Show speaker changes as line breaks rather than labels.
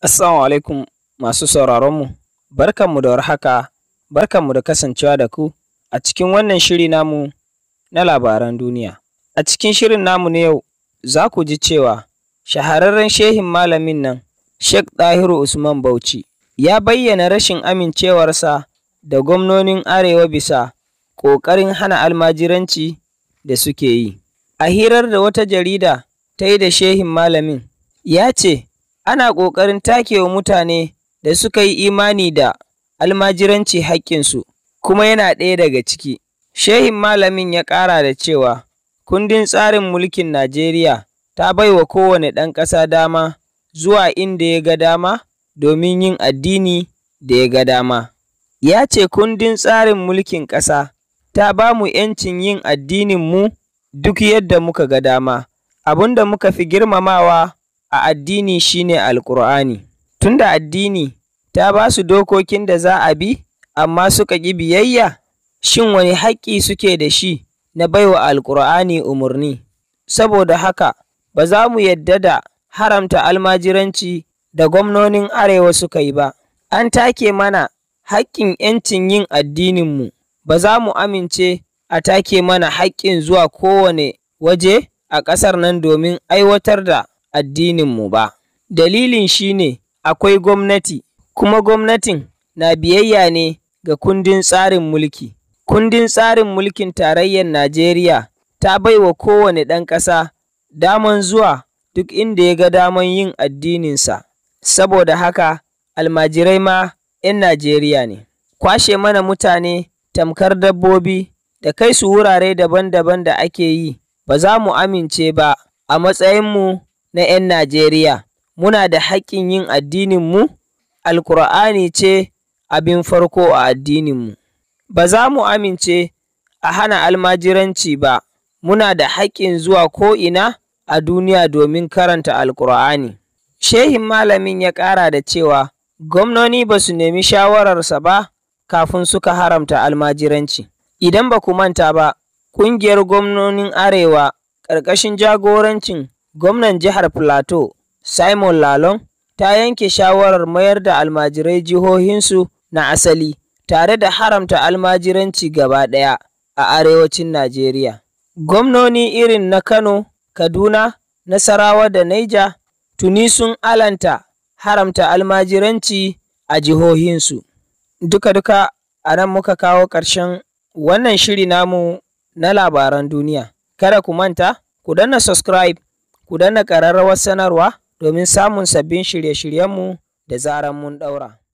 Assalamu alaikum masu sauraronmu, barkanmu da warhaka, barkanmu da kasancewa da ku a cikin wannan shiri namu na labaran duniya. A cikin shirin namu na yau za ku ji cewa shahararren shehin malamin nan Sheikh Dahiru Usman Bauchi ya bayyana rashin amincewarsa da gwamnonin Arewa bisa ƙoƙarin hana almajiranci da suke yi. A hirar da wata jarida ta yi da shehin malamin, ya ce, ana ƙoƙarin takewa mutane da suka yi imani da almajiranci haƙƙinsu, kuma yana ɗaya daga ciki. Shehin malamin ya ƙara da cewa, kundin tsarin mulkin Najeriya ta bai wa kowane ɗan ƙasa dama zuwa inda ya ga dama domin yin addini da ya ga dama. Ya ce kundin tsarin mulkin ƙasa ta ba mu ‘yancin yin addinin mu duk yadda muka ga dama, abin da muka fi girmamawa a addini shine Alƙur'ani. Tunda addini ta ba su dokokin da za a bi, amma suka ƙi biyayya, shin wani haƙƙi suke da shi na baiwa Alƙur'ani umarni? Saboda haka, ba za mu yadda da haramta almajiranci da gwamnonin Arewa suka yi ba. An take mana haƙƙin 'yancin yin addininmu, ba za mu amince a take mana haƙƙin zuwa kowane waje a ƙasar nan domin aiwatar da addininmu ba. Dalilin shi ne akwai gwamnati, kuma gwamnatin na biyayya ne ga kundin tsarin mulki. Kundin tsarin mulkin tarayyar Najeriya ta bai wa kowane ɗan ƙasa daman zuwa duk inda ya ga daman yin addininsa, saboda haka almajirai ma ‘yan Najeriya ne. Kwashe mana mutane tamkar dabbobi da kai su wurare daban-daban da ake yi, ba za mu amince ba a matsayinmu na 'yan Najeriya, muna da haƙƙin yin addininmu, Alƙur'ani ce abin farko a addininmu. Ba za mu amince a hana almajiranci ba, muna da haƙƙin zuwa ko'ina a duniya domin karanta Alƙur'ani. Shehin malamin ya ƙara da cewa, gwamnoni ba su nemi shawararsa ba kafin suka haramta almajiranci. Idan ba ku manta ba, ƙungiyar gwamnonin Arewa ƙarƙashin jagorancin Gwamnan Jihar Filato, Simon lalon ta yanke shawarar mayar da almajirai jihohinsu na asali, tare da haramta almajiranci gaba ɗaya a arewacin Najeriya. Gwamnoni irin na Kano, Kaduna, Nasarawa da Naija tuni sun alanta haramta almajiranci a jihohinsu. Duka-duka a nan muka kawo ƙarshen wannan shiri namu na labaran duniya. Kada ku manta, ku danna subscribe ku danna ƙararrawar sanarwa domin samun sabbin shirye-shiryenmu da zarar mun ɗaura.